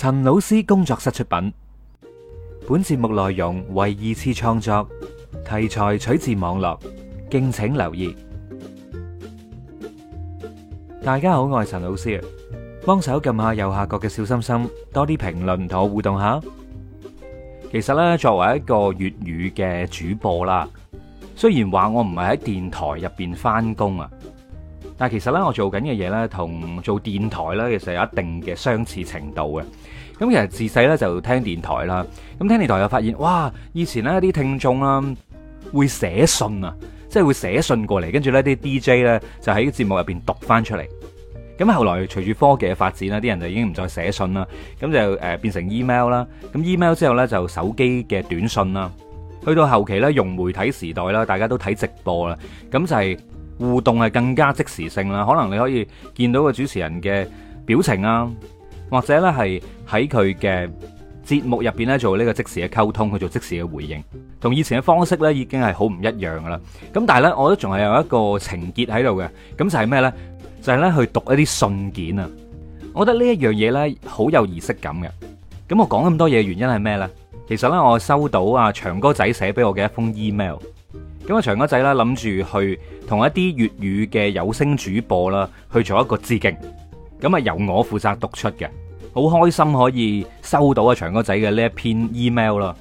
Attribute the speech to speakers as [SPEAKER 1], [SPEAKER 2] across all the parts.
[SPEAKER 1] 陳老師工作室出品，本節目內容為二次創作，題材取自網絡，敬請留意。大家好，我係陳老師啊，幫手撳下右下角嘅小心心，多啲評論同我互動下。其實呢，作為一個粵語嘅主播啦，雖然話我唔係喺電台入邊翻工啊，但其實呢，我做緊嘅嘢呢，同做電台呢，其實有一定嘅相似程度嘅。咁其實自細咧就聽電台啦，咁聽電台又發現，哇！以前呢啲聽眾啦會寫信啊，即係會寫信過嚟，跟住呢啲 DJ 呢，就喺節目入邊讀返出嚟。咁後來隨住科技嘅發展啦，啲人就已經唔再寫信啦，咁就誒變成 email 啦。咁 email 之後呢，就手機嘅短信啦。去到後期呢，融媒體時代啦，大家都睇直播啦，咁就係互動係更加即時性啦。可能你可以見到個主持人嘅表情啊。或者呢係喺佢嘅節目入邊呢做呢個即時嘅溝通，去做即時嘅回應，同以前嘅方式呢已經係好唔一樣噶啦。咁但係呢，我都仲係有一個情結喺度嘅，咁就係咩呢？就係呢去讀一啲信件啊！我覺得呢一樣嘢呢好有儀式感嘅。咁我講咁多嘢原因係咩呢？其實呢我收到阿祥哥仔寫俾我嘅一封 email。咁阿祥哥仔呢諗住去同一啲粵語嘅有聲主播啦去做一個致敬，咁啊由我負責讀出嘅。好開心可以收到啊祥哥仔嘅呢一篇 email 啦，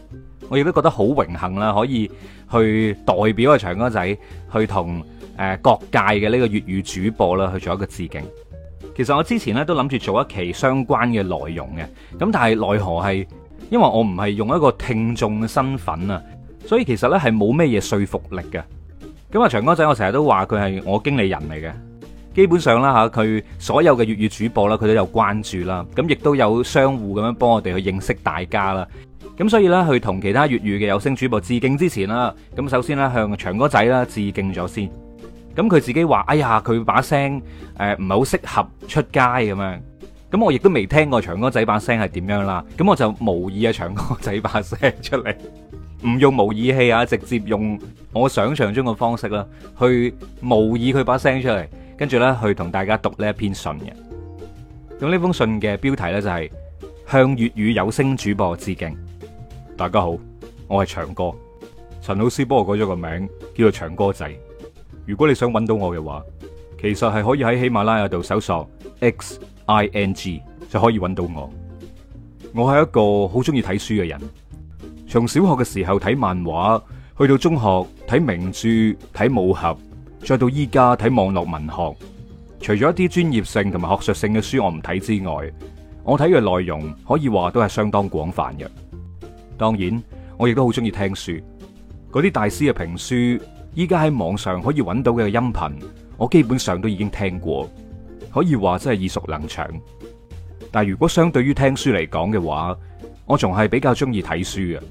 [SPEAKER 1] 我亦都覺得好榮幸啦，可以去代表啊祥哥仔去同誒各界嘅呢個粵語主播啦去做一個致敬。其實我之前咧都諗住做一期相關嘅內容嘅，咁但係奈何係因為我唔係用一個聽眾嘅身份啊，所以其實咧係冇咩嘢說服力嘅。咁啊祥哥仔，我成日都話佢係我經理人嚟嘅。基本上啦，吓佢所有嘅粵語主播啦，佢都有關注啦。咁亦都有相互咁樣幫我哋去認識大家啦。咁所以呢，佢同其他粵語嘅有聲主播致敬之前啦，咁首先呢，向長哥仔啦致敬咗先。咁佢自己話，哎呀，佢把聲誒唔係好適合出街咁樣。咁我亦都未聽過長哥仔把聲係點樣啦。咁我就模擬阿長哥仔把聲出嚟，唔 用模擬器啊，直接用我想象中嘅方式啦，去模擬佢把聲出嚟。跟住咧，去同大家讀呢一篇信嘅。咁呢封信嘅標題呢，就係向粵語有聲主播致敬。大家好，我係祥哥，陳老師幫我改咗個名，叫做祥哥仔。如果你想揾到我嘅話，其實係可以喺喜馬拉雅度搜索 XING 就可以揾到我。我係一個好中意睇書嘅人，從小學嘅時候睇漫畫，去到中學睇名著、睇武俠，再到依家睇網絡文學，除咗一啲專業性同埋學術性嘅書我唔睇之外，我睇嘅內容可以話都係相當廣泛嘅。當然，我亦都好中意聽書，嗰啲大師嘅評書，依家喺網上可以揾到嘅音頻，我基本上都已經聽過，可以話真係耳熟能詳。但如果相對於聽書嚟講嘅話，我仲係比較中意睇書啊。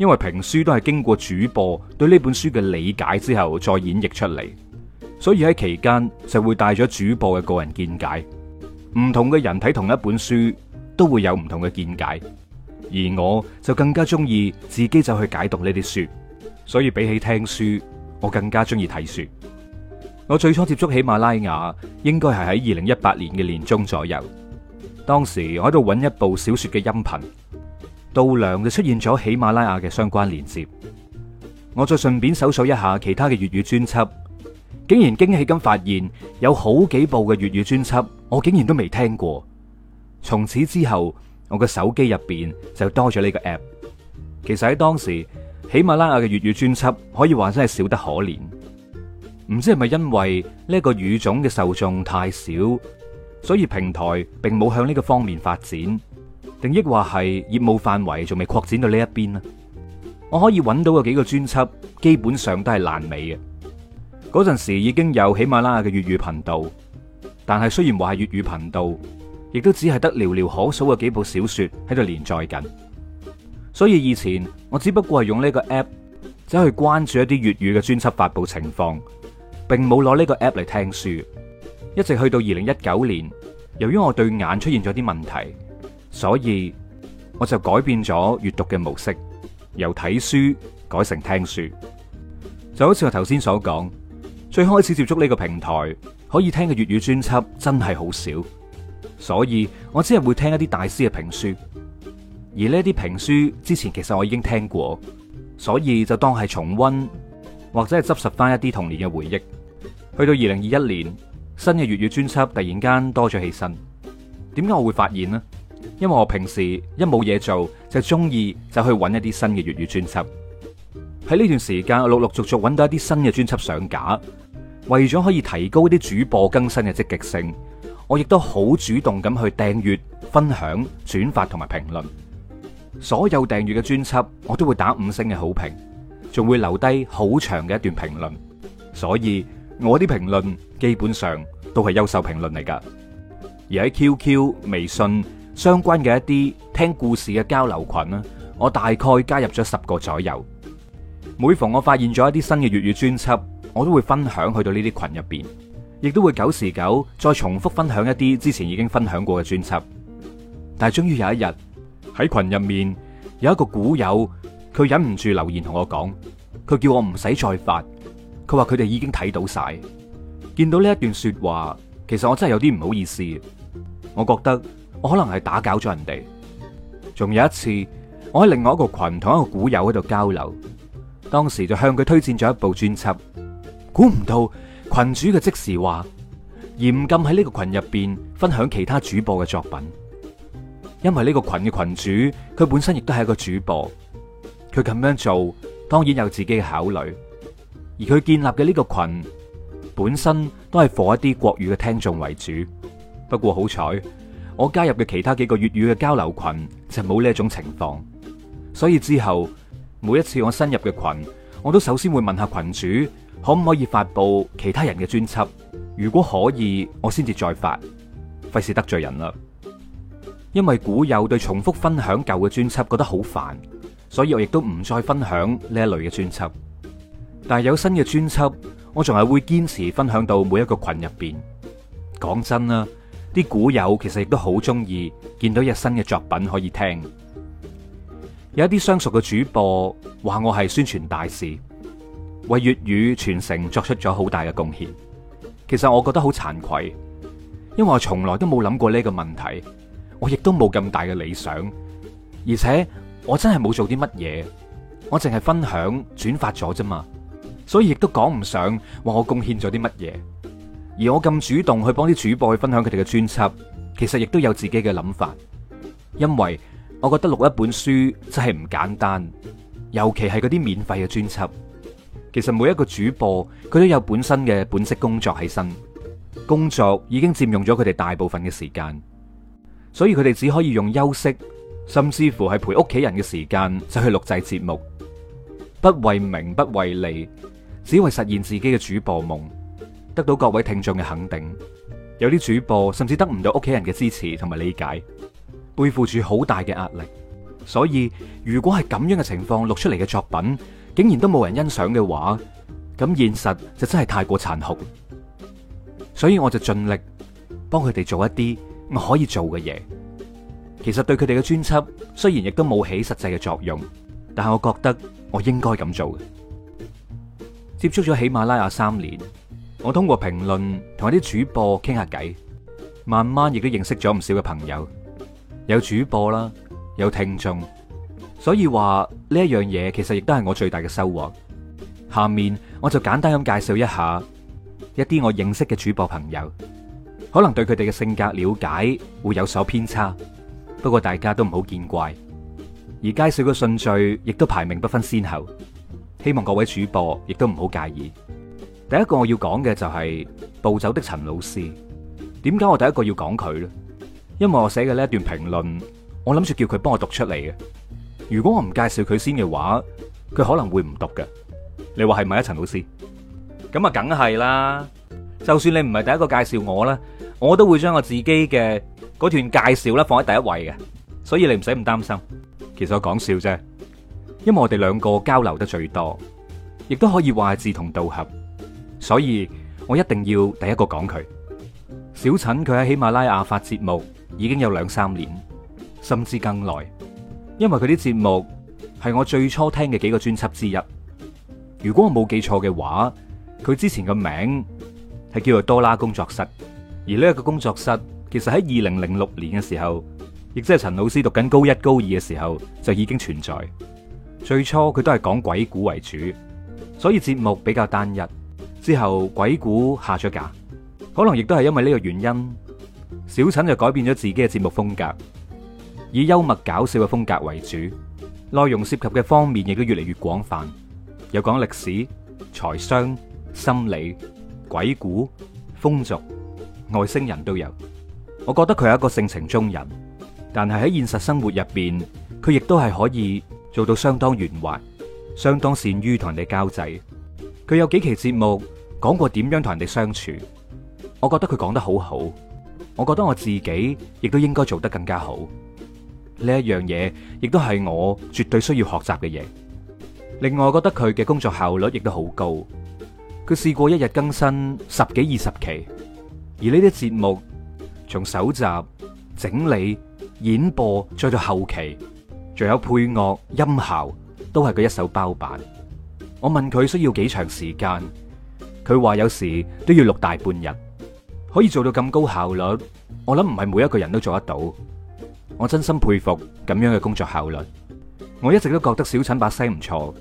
[SPEAKER 1] 因為評書都係經過主播對呢本書嘅理解之後再演繹出嚟，所以喺期間就會帶咗主播嘅個人見解。唔同嘅人睇同一本書，都會有唔同嘅見解。而我就更加中意自己就去解讀呢啲書，所以比起聽書，我更加中意睇書。我最初接觸喜馬拉雅，應該係喺二零一八年嘅年中左右。當時我喺度揾一部小說嘅音頻。度娘就出現咗喜馬拉雅嘅相關連接，我再順便搜索一下其他嘅粵語專輯，竟然驚喜咁發現有好幾部嘅粵語專輯，我竟然都未聽過。從此之後，我嘅手機入邊就多咗呢個 app。其實喺當時，喜馬拉雅嘅粵語專輯可以話真係少得可憐，唔知係咪因為呢個語種嘅受眾太少，所以平台並冇向呢個方面發展。定抑或係業務範圍仲未擴展到呢一邊呢？我可以揾到嘅幾個專輯基本上都係爛尾嘅。嗰陣時已經有喜馬拉雅嘅粵語頻道，但係雖然話係粵語頻道，亦都只係得寥寥可數嘅幾部小說喺度連載緊。所以以前我只不過係用呢個 app 走去關注一啲粵語嘅專輯發布情況，並冇攞呢個 app 嚟聽書。一直去到二零一九年，由於我對眼出現咗啲問題。所以我就改變咗閱讀嘅模式，由睇書改成聽書。就好似我頭先所講，最開始接觸呢個平台，可以聽嘅粵語專輯真係好少，所以我只係會聽一啲大師嘅評書。而呢啲評書之前其實我已經聽過，所以就當係重溫或者係執拾翻一啲童年嘅回憶。去到二零二一年，新嘅粵語專輯突然間多咗起身，點解我會發現呢？因為我平時一冇嘢做就中意就去揾一啲新嘅粵語專輯。喺呢段時間，我陸陸續續揾到一啲新嘅專輯上架，為咗可以提高啲主播更新嘅積極性，我亦都好主動咁去訂閱、分享、轉發同埋評論。所有訂閱嘅專輯，我都會打五星嘅好評，仲會留低好長嘅一段評論。所以我啲評論基本上都係優秀評論嚟噶。而喺 QQ、微信，相關嘅一啲聽故事嘅交流群啦，我大概加入咗十個左右。每逢我發現咗一啲新嘅粵語專輯，我都會分享去到呢啲群入邊，亦都會九時九再重複分享一啲之前已經分享過嘅專輯。但係終於有一日喺群入面有一個谷友，佢忍唔住留言同我講，佢叫我唔使再發，佢話佢哋已經睇到晒。見到呢一段說話，其實我真係有啲唔好意思，我覺得。我可能係打攪咗人哋。仲有一次，我喺另外一個群同一個股友喺度交流，當時就向佢推薦咗一部專輯。估唔到群主嘅即時話，嚴禁喺呢個群入邊分享其他主播嘅作品，因為呢個群嘅群主佢本身亦都係一個主播，佢咁樣做當然有自己嘅考慮，而佢建立嘅呢個群本身都係火一啲國語嘅聽眾為主。不過好彩。我加入嘅其他幾個粵語嘅交流群就冇呢一種情況，所以之後每一次我新入嘅群，我都首先會問下群主可唔可以發佈其他人嘅專輯，如果可以，我先至再發，費事得罪人啦。因為古友對重複分享舊嘅專輯覺得好煩，所以我亦都唔再分享呢一類嘅專輯。但係有新嘅專輯，我仲係會堅持分享到每一個群入邊。講真啦。啲股友其實亦都好中意見到有新嘅作品可以聽，有一啲相熟嘅主播話我係宣傳大使，為粵語傳承作出咗好大嘅貢獻。其實我覺得好慚愧，因為我從來都冇諗過呢個問題，我亦都冇咁大嘅理想，而且我真係冇做啲乜嘢，我淨係分享轉發咗啫嘛，所以亦都講唔上話我貢獻咗啲乜嘢。而我咁主動去幫啲主播去分享佢哋嘅專輯，其實亦都有自己嘅諗法，因為我覺得錄一本書真係唔簡單，尤其係嗰啲免費嘅專輯。其實每一個主播佢都有本身嘅本職工作喺身，工作已經佔用咗佢哋大部分嘅時間，所以佢哋只可以用休息，甚至乎係陪屋企人嘅時間，就去錄製節目。不為名，不為利，只為實現自己嘅主播夢。得到各位聽眾嘅肯定，有啲主播甚至得唔到屋企人嘅支持同埋理解，背負住好大嘅壓力。所以如果係咁樣嘅情況錄出嚟嘅作品，竟然都冇人欣賞嘅話，咁現實就真係太過殘酷。所以我就盡力幫佢哋做一啲我可以做嘅嘢。其實對佢哋嘅專輯雖然亦都冇起實際嘅作用，但係我覺得我應該咁做嘅。接觸咗喜馬拉雅三年。我通過評論同一啲主播傾下偈，慢慢亦都認識咗唔少嘅朋友，有主播啦，有聽眾，所以話呢一樣嘢其實亦都係我最大嘅收穫。下面我就簡單咁介紹一下一啲我認識嘅主播朋友，可能對佢哋嘅性格了解會有所偏差，不過大家都唔好見怪。而介紹嘅順序亦都排名不分先後，希望各位主播亦都唔好介意。第一個我要講嘅就係暴走的陳老師，點解我第一個要講佢呢？因為我寫嘅呢一段評論，我諗住叫佢幫我讀出嚟嘅。如果我唔介紹佢先嘅話，佢可能會唔讀嘅。你話係咪啊，陳老師？咁啊，梗係啦。就算你唔係第一個介紹我啦，我都會將我自己嘅嗰段介紹啦放喺第一位嘅。所以你唔使咁擔心，其實我講笑啫。因為我哋兩個交流得最多，亦都可以話係志同道合。所以我一定要第一個講佢。小陳佢喺喜馬拉雅發節目已經有兩三年，甚至更耐。因為佢啲節目係我最初聽嘅幾個專輯之一。如果我冇記錯嘅話，佢之前嘅名係叫做多拉工作室，而呢個工作室其實喺二零零六年嘅時候，亦即係陳老師讀緊高一高二嘅時候就已經存在。最初佢都係講鬼故為主，所以節目比較單一。之後鬼故下咗架，可能亦都係因為呢個原因，小陳就改變咗自己嘅節目風格，以幽默搞笑嘅風格為主，內容涉及嘅方面亦都越嚟越廣泛，有講歷史、財商、心理、鬼故、風俗、外星人都有。我覺得佢係一個性情中人，但係喺現實生活入邊，佢亦都係可以做到相當圓滑，相當善於同人哋交際。佢有幾期節目講過點樣同人哋相處，我覺得佢講得好好，我覺得我自己亦都應該做得更加好。呢一樣嘢亦都係我絕對需要學習嘅嘢。另外，我覺得佢嘅工作效率亦都好高。佢試過一日更新十幾、二十期，而呢啲節目從搜集、整理、演播再到後期，仲有配樂、音效，都係佢一手包辦。我問佢需要幾長時間，佢話有時都要錄大半日，可以做到咁高效率，我諗唔係每一個人都做得到，我真心佩服咁樣嘅工作效率。我一直都覺得小陳把聲唔錯，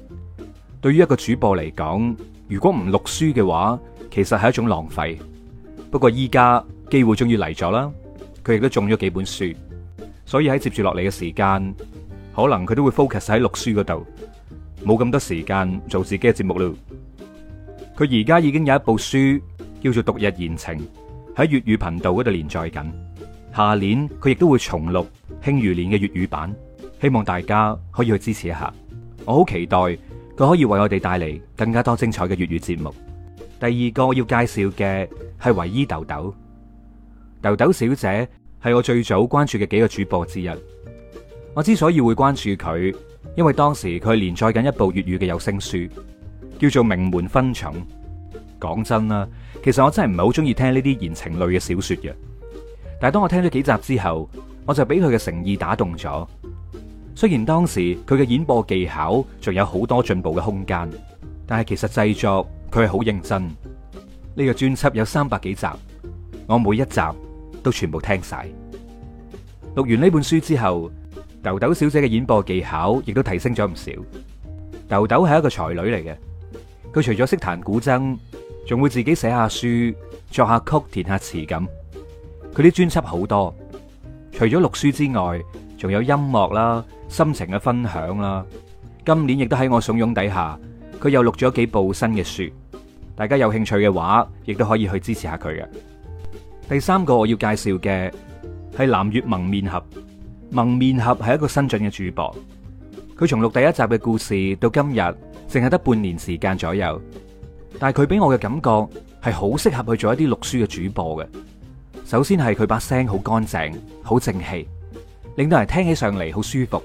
[SPEAKER 1] 對於一個主播嚟講，如果唔錄書嘅話，其實係一種浪費。不過依家機會終於嚟咗啦，佢亦都中咗幾本書，所以喺接住落嚟嘅時間，可能佢都會 focus 喺錄書嗰度。冇咁多時間做自己嘅節目啦，佢而家已經有一部書叫做《獨日言情》，喺粵語頻道嗰度連載緊。下年佢亦都會重錄《慶餘年》嘅粵語版，希望大家可以去支持一下。我好期待佢可以為我哋帶嚟更加多精彩嘅粵語節目。第二個我要介紹嘅係維依豆豆，豆豆小姐係我最早關注嘅幾個主播之一。我之所以會關注佢。因為當時佢連載緊一部粵語嘅有聲書，叫做《名門分寵》。講真啦，其實我真係唔係好中意聽呢啲言情類嘅小說嘅。但係當我聽咗幾集之後，我就俾佢嘅誠意打動咗。雖然當時佢嘅演播技巧仲有好多進步嘅空間，但係其實製作佢係好認真。呢個專輯有三百幾集，我每一集都全部聽晒。讀完呢本書之後。豆豆小姐嘅演播技巧亦都提升咗唔少。豆豆係一個才女嚟嘅，佢除咗識彈古箏，仲會自己寫下書、作下曲、填下詞咁。佢啲專輯好多，除咗錄書之外，仲有音樂啦、心情嘅分享啦。今年亦都喺我慫恿底下，佢又錄咗幾部新嘅書。大家有興趣嘅話，亦都可以去支持下佢嘅。第三個我要介紹嘅係南越蒙面俠。蒙面俠係一個新晉嘅主播，佢從錄第一集嘅故事到今日，淨係得半年時間左右。但係佢俾我嘅感覺係好適合去做一啲錄書嘅主播嘅。首先係佢把聲好乾淨，好正氣，令到人聽起上嚟好舒服。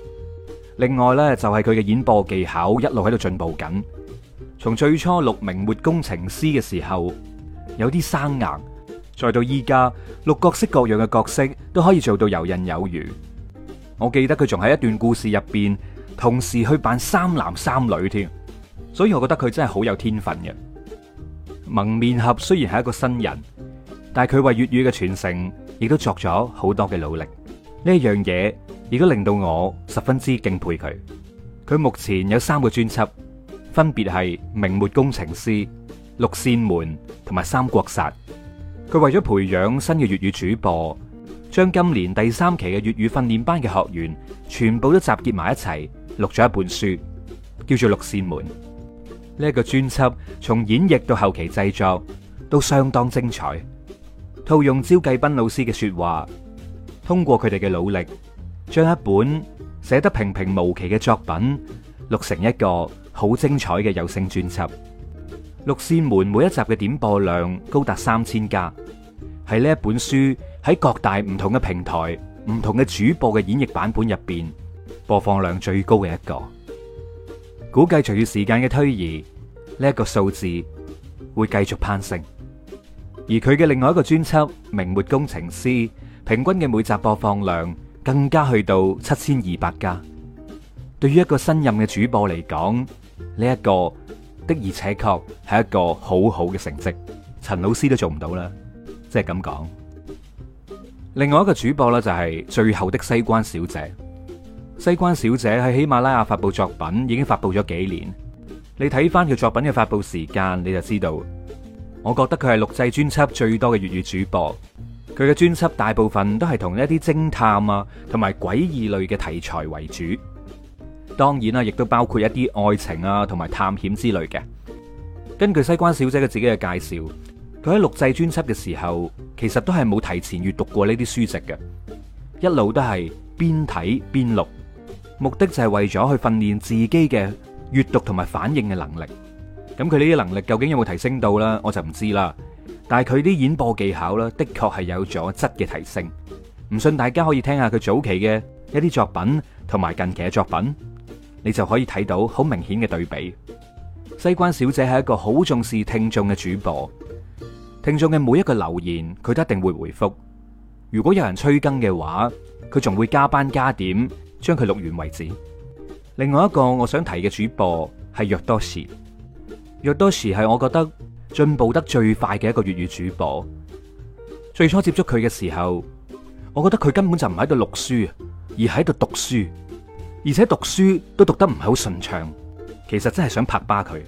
[SPEAKER 1] 另外呢，就係佢嘅演播技巧一路喺度進步緊。從最初錄《明末工程師》嘅時候，有啲生硬，再到依家錄各式各樣嘅角色都可以做到游刃有餘。我記得佢仲喺一段故事入邊，同時去扮三男三女添，所以我覺得佢真係好有天分嘅。蒙面俠雖然係一個新人，但係佢為粵語嘅傳承，亦都作咗好多嘅努力。呢一樣嘢亦都令到我十分之敬佩佢。佢目前有三個專輯，分別係《明末工程師》《六扇門》同埋《三國殺》。佢為咗培養新嘅粵語主播，將今年第三期嘅粵語訓練班嘅學員全部都集結埋一齊錄咗一本書，叫做《六扇門》。呢、這、一個專輯從演繹到後期製作都相當精彩。套用招繼斌老師嘅說話，通過佢哋嘅努力，將一本寫得平平無奇嘅作品錄成一個好精彩嘅有聲專輯《六扇門》。每一集嘅點播量高達三千加。係呢一本書喺各大唔同嘅平台、唔同嘅主播嘅演繹版本入邊播放量最高嘅一個，估計隨住時間嘅推移，呢一個數字會繼續攀升。而佢嘅另外一個專輯《明末工程師》，平均嘅每集播放量更加去到七千二百家。對於一個新任嘅主播嚟講，呢一個的而且確係一個好好嘅成績，陳老師都做唔到啦。即係咁講，另外一個主播咧就係最後的西關小姐。西關小姐喺喜馬拉雅發布作品已經發布咗幾年，你睇翻佢作品嘅發布時間，你就知道。我覺得佢係錄製專輯最多嘅粵語主播，佢嘅專輯大部分都係同一啲偵探啊，同埋詭異類嘅題材為主。當然啦，亦都包括一啲愛情啊，同埋探險之類嘅。根據西關小姐嘅自己嘅介紹。佢喺錄製專輯嘅時候，其實都係冇提前閱讀過呢啲書籍嘅，一路都係邊睇邊錄，目的就係為咗去訓練自己嘅閱讀同埋反應嘅能力。咁佢呢啲能力究竟有冇提升到呢？我就唔知啦。但係佢啲演播技巧呢，的確係有咗質嘅提升。唔信大家可以聽下佢早期嘅一啲作品同埋近期嘅作品，你就可以睇到好明顯嘅對比。西關小姐係一個好重視聽眾嘅主播。聽眾嘅每一個留言，佢都一定會回覆。如果有人催更嘅話，佢仲會加班加點將佢錄完為止。另外一個我想提嘅主播係若多時，若多時係我覺得進步得最快嘅一個粵語主播。最初接觸佢嘅時候，我覺得佢根本就唔喺度錄書，而喺度讀書，而且讀書都讀得唔係好順暢。其實真係想拍巴佢。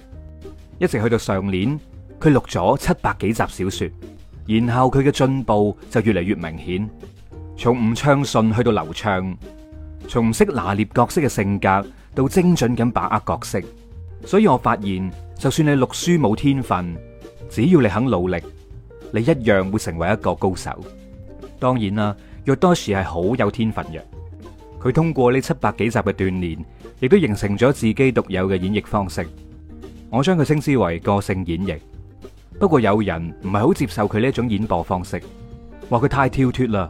[SPEAKER 1] 一直，直到去到上年。佢錄咗七百幾集小說，然後佢嘅進步就越嚟越明顯，從唔暢順去到流暢，從唔識拿捏角色嘅性格到精準咁把握角色，所以我發現就算你錄書冇天分，只要你肯努力，你一樣會成為一個高手。當然啦，若多時係好有天分嘅，佢通過呢七百幾集嘅鍛煉，亦都形成咗自己獨有嘅演繹方式。我將佢稱之為個性演繹。不過有人唔係好接受佢呢一種演播方式，話佢太跳脫啦。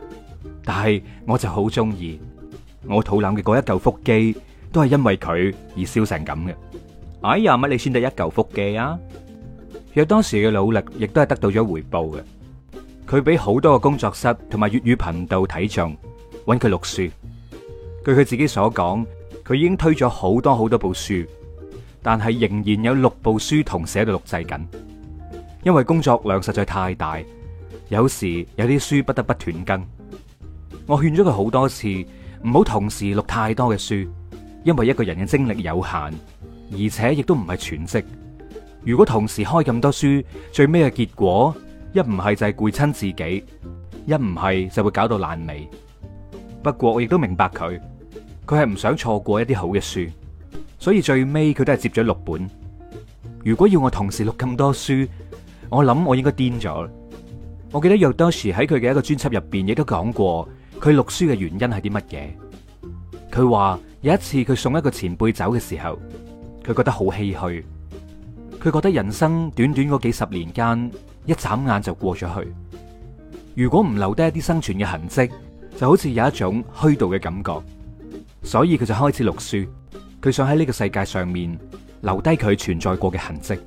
[SPEAKER 1] 但係我就好中意，我肚腩嘅嗰一嚿腹肌都係因為佢而燒成咁嘅。哎呀，乜你先得一嚿腹肌啊？若當時嘅努力亦都係得到咗回報嘅，佢俾好多嘅工作室同埋粵語頻道睇中，揾佢錄書。據佢自己所講，佢已經推咗好多好多部書，但係仍然有六部書同寫喺度錄製緊。因為工作量實在太大，有時有啲書不得不斷更。我勸咗佢好多次，唔好同時錄太多嘅書，因為一個人嘅精力有限，而且亦都唔係全職。如果同時開咁多書，最尾嘅結果一唔係就係攰親自己，一唔係就會搞到爛尾。不過我亦都明白佢，佢係唔想錯過一啲好嘅書，所以最尾佢都係接咗六本。如果要我同時錄咁多書，我諗我應該癲咗。我記得若多時喺佢嘅一個專輯入邊，亦都講過佢錄書嘅原因係啲乜嘢。佢話有一次佢送一個前輩走嘅時候，佢覺得好唏噓。佢覺得人生短短嗰幾十年間，一眨眼就過咗去。如果唔留低一啲生存嘅痕迹，就好似有一種虛度嘅感覺。所以佢就開始錄書。佢想喺呢個世界上面留低佢存在過嘅痕迹。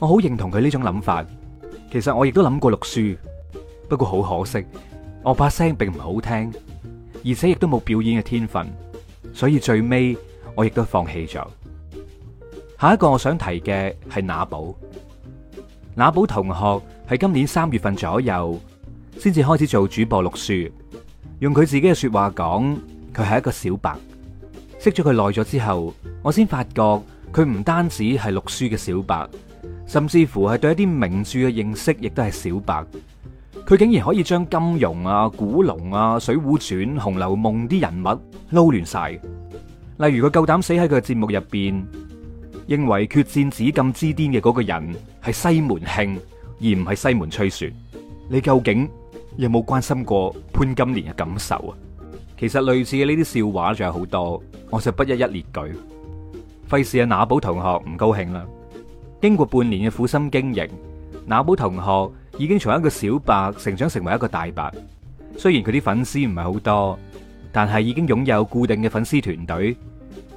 [SPEAKER 1] 我好認同佢呢種諗法。其實我亦都諗過錄書，不過好可惜，我把聲並唔好聽，而且亦都冇表演嘅天分，所以最尾我亦都放棄咗。下一個我想提嘅係那寶。那寶同學喺今年三月份左右先至開始做主播錄書，用佢自己嘅說話講，佢係一個小白。識咗佢耐咗之後，我先發覺佢唔單止係錄書嘅小白。甚至乎係對一啲名著嘅認識，亦都係小白。佢竟然可以將金庸啊、古龍啊、《水滸傳》、《紅樓夢》啲人物撈亂晒。例如，佢夠膽死喺佢嘅節目入邊，認為《決戰紫禁之巔》嘅嗰個人係西門慶，而唔係西門吹雪。你究竟有冇關心過潘金蓮嘅感受啊？其實類似嘅呢啲笑話仲有好多，我就不一一列舉，費事阿娜寶同學唔高興啦。經過半年嘅苦心經營，那寶同學已經從一個小白成長成為一個大白。雖然佢啲粉絲唔係好多，但係已經擁有固定嘅粉絲團隊。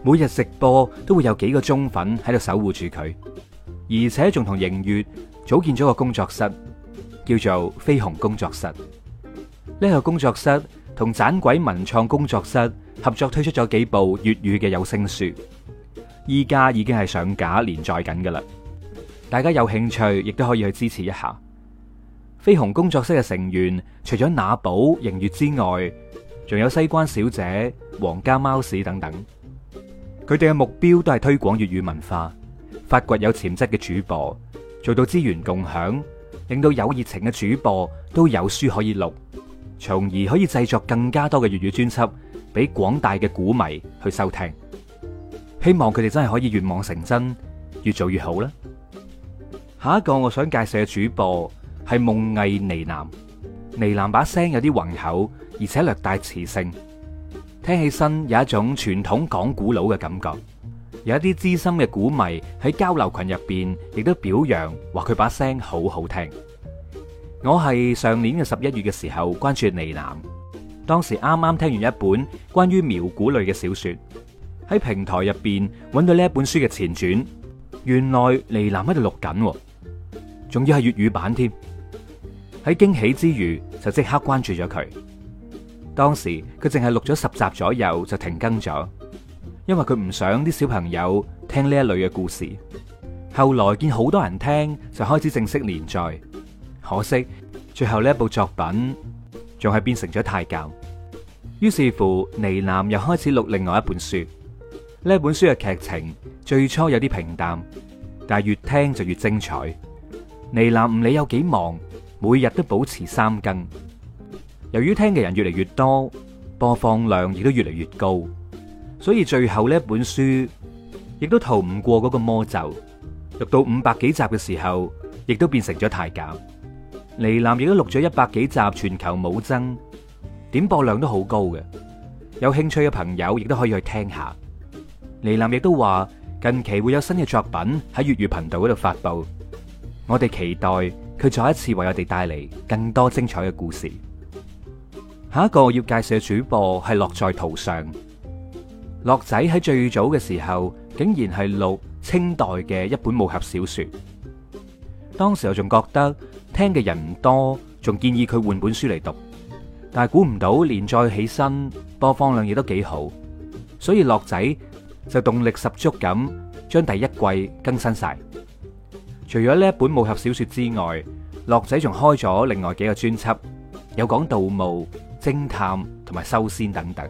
[SPEAKER 1] 每日直播都會有幾個忠粉喺度守護住佢，而且仲同盈月組建咗個工作室，叫做飛鴻工作室。呢、這個工作室同盞鬼文創工作室合作推出咗幾部粵語嘅有聲書，依家已經係上架連載緊㗎喇。大家有興趣，亦都可以去支持一下。飛鴻工作室嘅成員除咗那寶、瑩月之外，仲有西關小姐、皇家貓屎等等。佢哋嘅目標都係推廣粵語文化，發掘有潛質嘅主播，做到資源共享，令到有熱情嘅主播都有書可以錄，從而可以製作更加多嘅粵語專輯俾廣大嘅古迷去收聽。希望佢哋真係可以願望成真，越做越好啦！下一個我想介紹嘅主播係夢藝呢喃，呢喃把聲有啲渾厚，而且略帶磁性，聽起身有一種傳統講古佬嘅感覺。有一啲資深嘅古迷喺交流群入邊亦都表揚話佢把聲好好聽。我係上年嘅十一月嘅時候關注呢喃，當時啱啱聽完一本關於苗鼓類嘅小說，喺平台入邊揾到呢一本書嘅前傳，原來呢喃喺度錄緊。仲要係粵語版添，喺驚喜之餘就即刻關注咗佢。當時佢淨係錄咗十集左右就停更咗，因為佢唔想啲小朋友聽呢一類嘅故事。後來見好多人聽，就開始正式連載。可惜最後呢一部作品仲係變成咗太監。於是乎，倪南又開始錄另外一本書。呢一本書嘅劇情最初有啲平淡，但係越聽就越精彩。尼南唔理有幾忙，每日都保持三更。由於聽嘅人越嚟越多，播放量亦都越嚟越高，所以最後呢一本書亦都逃唔過嗰個魔咒。讀到五百幾集嘅時候，亦都變成咗太監。尼南亦都錄咗一百幾集，全球冇增，點播量都好高嘅。有興趣嘅朋友亦都可以去聽下。尼南亦都話近期會有新嘅作品喺粵語頻道嗰度發布。我哋期待佢再一次為我哋帶嚟更多精彩嘅故事。下一個要介紹嘅主播係樂在途上，樂仔喺最早嘅時候竟然係錄清代嘅一本武俠小說。當時我仲覺得聽嘅人唔多，仲建議佢換本書嚟讀，但係估唔到連載起身，播放量亦都幾好，所以樂仔就動力十足咁將第一季更新晒。除咗呢本武俠小說之外，樂仔仲開咗另外幾個專輯，有講盜墓、偵探同埋修仙等等。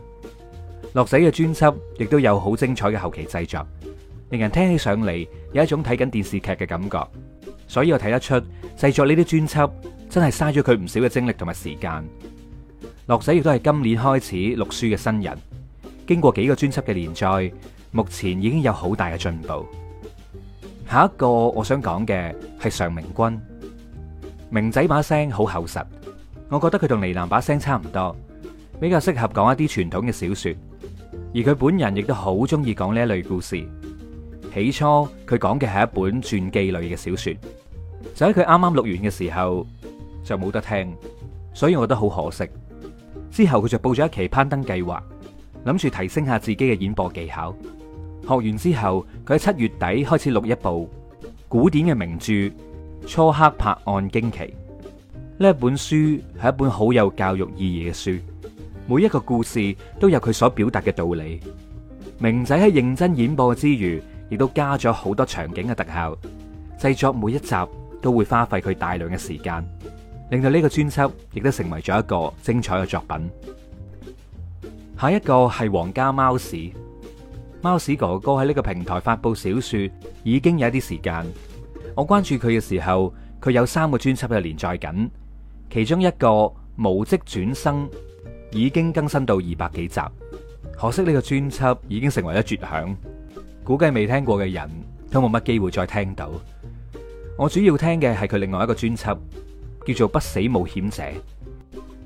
[SPEAKER 1] 樂仔嘅專輯亦都有好精彩嘅後期製作，令人聽起上嚟有一種睇緊電視劇嘅感覺。所以我睇得出製作呢啲專輯真係嘥咗佢唔少嘅精力同埋時間。樂仔亦都係今年開始錄書嘅新人，經過幾個專輯嘅連載，目前已經有好大嘅進步。下一個我想講嘅係常明君，明仔把聲好厚實，我覺得佢同倪南把聲差唔多，比較適合講一啲傳統嘅小說，而佢本人亦都好中意講呢一類故事。起初佢講嘅係一本傳記類嘅小說，就喺佢啱啱錄完嘅時候就冇得聽，所以我覺得好可惜。之後佢就報咗一期攀登計劃，諗住提升下自己嘅演播技巧。學完之後，佢喺七月底開始錄一部古典嘅名著《初刻拍案驚奇》。呢本書係一本好有教育意義嘅書，每一個故事都有佢所表達嘅道理。明仔喺認真演播之餘，亦都加咗好多場景嘅特效製作，每一集都會花費佢大量嘅時間，令到呢個專輯亦都成為咗一個精彩嘅作品。下一個係《皇家貓市》。貓屎哥哥喺呢個平台發布小說已經有一啲時間，我關注佢嘅時候，佢有三個專輯喺連載緊，其中一個《無職轉生》已經更新到二百幾集，可惜呢個專輯已經成為咗絕響，估計未聽過嘅人都冇乜機會再聽到。我主要聽嘅係佢另外一個專輯，叫做《不死冒險者》，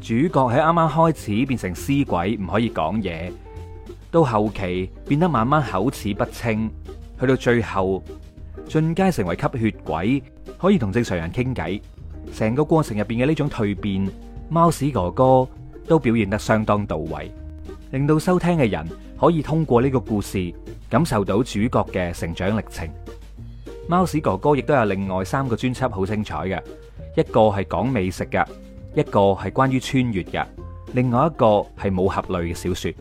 [SPEAKER 1] 主角喺啱啱開始變成屍鬼，唔可以講嘢。到後期變得慢慢口齒不清，去到最後進階成為吸血鬼，可以同正常人傾偈。成個過程入邊嘅呢種蛻變，貓屎哥哥都表現得相當到位，令到收聽嘅人可以通過呢個故事感受到主角嘅成長歷程。貓屎哥哥亦都有另外三個專輯好精彩嘅，一個係講美食嘅，一個係關於穿越嘅，另外一個係武俠類嘅小說。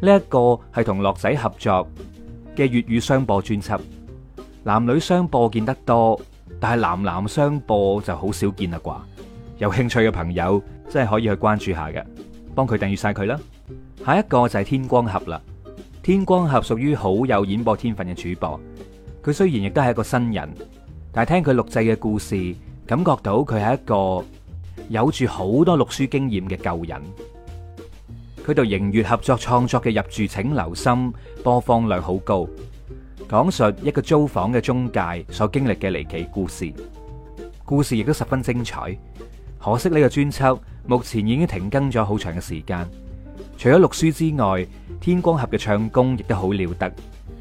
[SPEAKER 1] 呢一個係同樂仔合作嘅粵語雙播專輯，男女雙播見得多，但係男男雙播就好少見啦啩。有興趣嘅朋友真係可以去關注下嘅，幫佢訂閱晒佢啦。下一個就係天光俠啦，天光俠屬於好有演播天分嘅主播，佢雖然亦都係一個新人，但係聽佢錄製嘅故事，感覺到佢係一個有住好多讀書經驗嘅舊人。佢度盈月合作創作嘅入住請留心，播放量好高，講述一個租房嘅中介所經歷嘅離奇故事，故事亦都十分精彩。可惜呢個專輯目前已經停更咗好長嘅時間。除咗讀書之外，天光俠嘅唱功亦都好了得，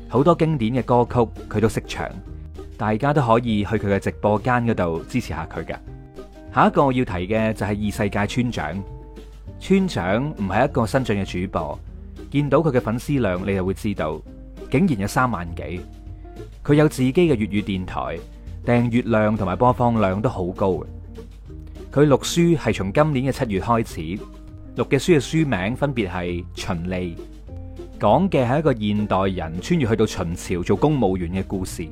[SPEAKER 1] 好多經典嘅歌曲佢都識唱，大家都可以去佢嘅直播間嗰度支持下佢㗎。下一個我要提嘅就係異世界村長。村長唔係一個新晉嘅主播，見到佢嘅粉絲量，你就會知道，竟然有三萬幾。佢有自己嘅粵語電台，訂閱量同埋播放量都好高。佢錄書係從今年嘅七月開始，錄嘅書嘅書名分別係《秦吏》，講嘅係一個現代人穿越去到秦朝做公務員嘅故事。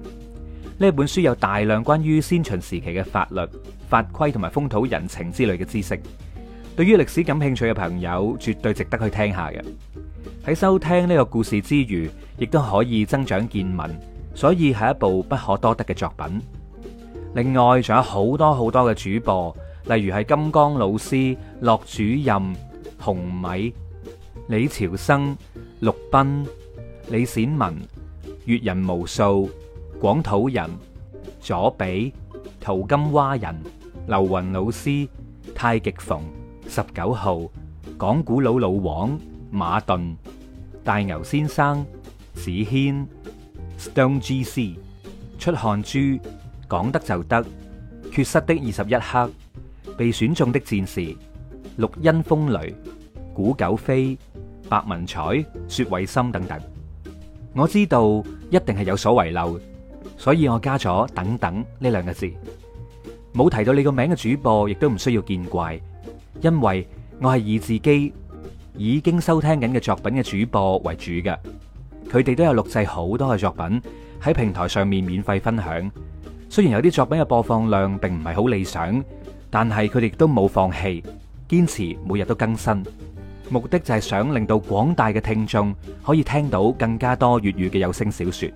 [SPEAKER 1] 呢本書有大量關於先秦時期嘅法律法規同埋風土人情之類嘅知識。對於歷史感興趣嘅朋友，絕對值得去聽下嘅。喺收聽呢個故事之餘，亦都可以增長見聞，所以係一部不可多得嘅作品。另外，仲有好多好多嘅主播，例如係金剛老師、駱主任、紅米、李朝生、陸斌、李閃文、粵人無數、廣土人、左比、淘金蛙人、劉雲老師、太極鳳。十九號講古佬老、老王馬頓大牛先生梓軒 Stone G C 出汗豬講得就得缺失的二十一刻被選中的戰士錄音風雷古九飛白文彩雪偉森等等，我知道一定係有所遺漏，所以我加咗等等呢兩個字，冇提到你個名嘅主播，亦都唔需要見怪。因為我係以自己已經收聽緊嘅作品嘅主播為主嘅，佢哋都有錄製好多嘅作品喺平台上面免費分享。雖然有啲作品嘅播放量並唔係好理想，但係佢哋都冇放棄，堅持每日都更新，目的就係想令到廣大嘅聽眾可以聽到更加多粵語嘅有聲小說。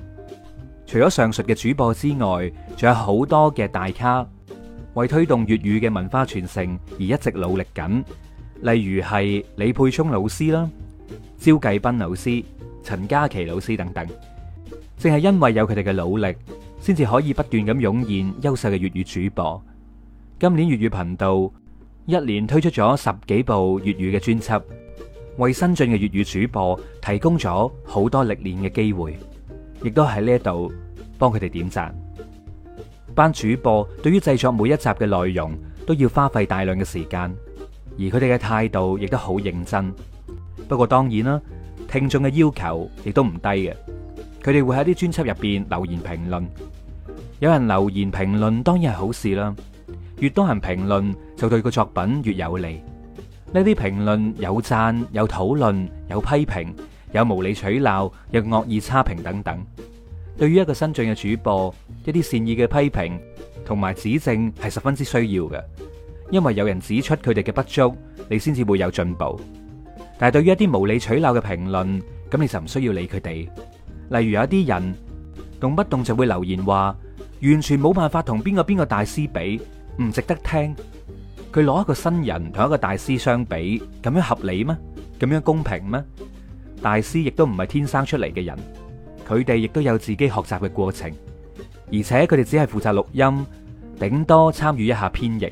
[SPEAKER 1] 除咗上述嘅主播之外，仲有好多嘅大咖。為推動粵語嘅文化傳承而一直努力緊，例如係李佩聰老師啦、招繼斌老師、陳嘉琪老師等等，正係因為有佢哋嘅努力，先至可以不斷咁湧現優秀嘅粵語主播。今年粵語頻道一連推出咗十幾部粵語嘅專輯，為新晉嘅粵語主播提供咗好多歷練嘅機會，亦都喺呢一度幫佢哋點讚。班主播對於製作每一集嘅內容都要花費大量嘅時間，而佢哋嘅態度亦都好認真。不過當然啦，聽眾嘅要求亦都唔低嘅。佢哋會喺啲專輯入邊留言評論，有人留言評論當然係好事啦。越多人評論就對個作品越有利。呢啲評論有讚、有討論、有批評、有無理取鬧、有惡意差評等等。對於一個新進嘅主播，一啲善意嘅批評同埋指正係十分之需要嘅，因為有人指出佢哋嘅不足，你先至會有進步。但係對於一啲無理取鬧嘅評論，咁你就唔需要理佢哋。例如有一啲人，動不動就會留言話，完全冇辦法同邊個邊個大師比，唔值得聽。佢攞一個新人同一個大師相比，咁樣合理嗎？咁樣公平嗎？大師亦都唔係天生出嚟嘅人。佢哋亦都有自己學習嘅過程，而且佢哋只係負責錄音，頂多參與一下編譯，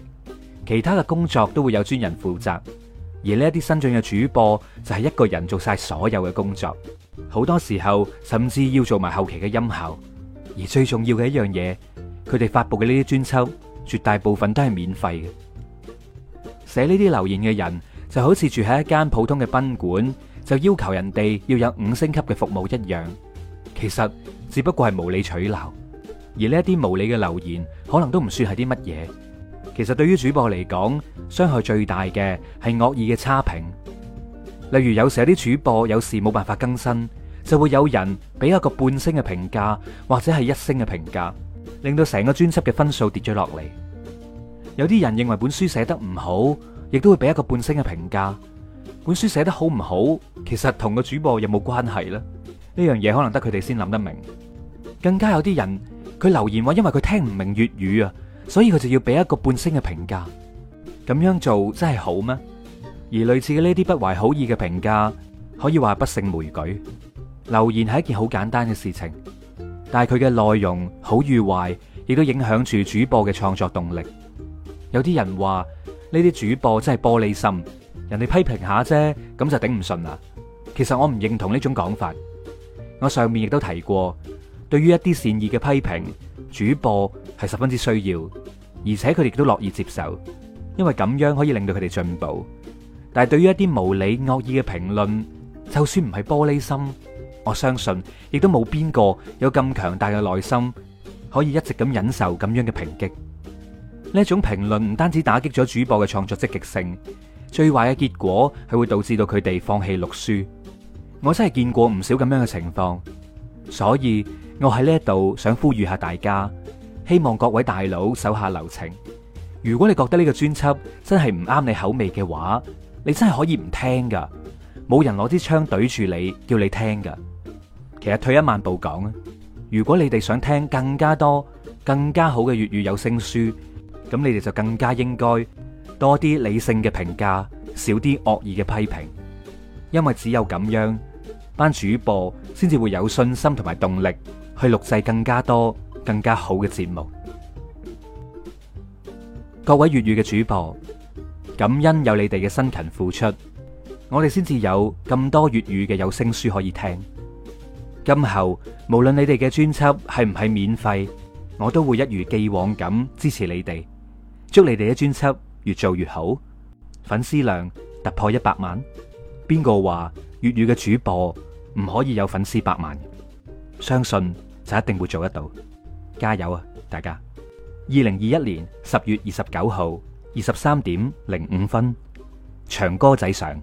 [SPEAKER 1] 其他嘅工作都會有專人負責。而呢一啲新晉嘅主播就係一個人做晒所有嘅工作，好多時候甚至要做埋後期嘅音效。而最重要嘅一樣嘢，佢哋發布嘅呢啲專輯絕大部分都係免費嘅。寫呢啲留言嘅人就好似住喺一間普通嘅賓館，就要求人哋要有五星級嘅服務一樣。其實只不過係無理取鬧，而呢一啲無理嘅留言，可能都唔算係啲乜嘢。其實對於主播嚟講，傷害最大嘅係惡意嘅差評。例如有時有啲主播有事冇辦法更新，就會有人俾一個半星嘅評價，或者係一星嘅評價，令到成個專輯嘅分數跌咗落嚟。有啲人認為本書寫得唔好，亦都會俾一個半星嘅評價。本書寫得好唔好，其實同個主播有冇關係呢？呢樣嘢可能得佢哋先諗得明，更加有啲人佢留言話，因為佢聽唔明粵語啊，所以佢就要俾一個半星嘅評價。咁樣做真係好咩？而類似嘅呢啲不懷好意嘅評價，可以話不勝枚舉。留言係一件好簡單嘅事情，但係佢嘅內容好與壞，亦都影響住主播嘅創作動力。有啲人話呢啲主播真係玻璃心，人哋批評下啫，咁就頂唔順啦。其實我唔認同呢種講法。我上面亦都提過，對於一啲善意嘅批評，主播係十分之需要，而且佢哋都樂意接受，因為咁樣可以令到佢哋進步。但係對於一啲無理惡意嘅評論，就算唔係玻璃心，我相信亦都冇邊個有咁強大嘅內心，可以一直咁忍受咁樣嘅抨擊。呢一種評論唔單止打擊咗主播嘅創作積極性，最壞嘅結果係會導致到佢哋放棄錄書。我真係見過唔少咁樣嘅情況，所以我喺呢一度想呼籲下大家，希望各位大佬手下留情。如果你覺得呢個專輯真係唔啱你口味嘅話，你真係可以唔聽噶，冇人攞支槍懟住你叫你聽噶。其實退一萬步講啊，如果你哋想聽更加多、更加好嘅粵語有聲書，咁你哋就更加應該多啲理性嘅評價，少啲惡意嘅批評。因為只有咁樣，班主播先至會有信心同埋動力去錄製更加多、更加好嘅節目。各位粵語嘅主播，感恩有你哋嘅辛勤付出。我哋先至有咁多粵語嘅有聲書可以聽。今後，無論你哋嘅專輯係唔係免費，我都會一如既往咁支持你哋。祝你哋嘅專輯越做越好，粉絲量突破一百萬。邊個話粵語嘅主播唔可以有粉絲百萬？相信就一定會做得到，加油啊！大家，二零二一年十月二十九號二十三點零五分，祥哥仔上。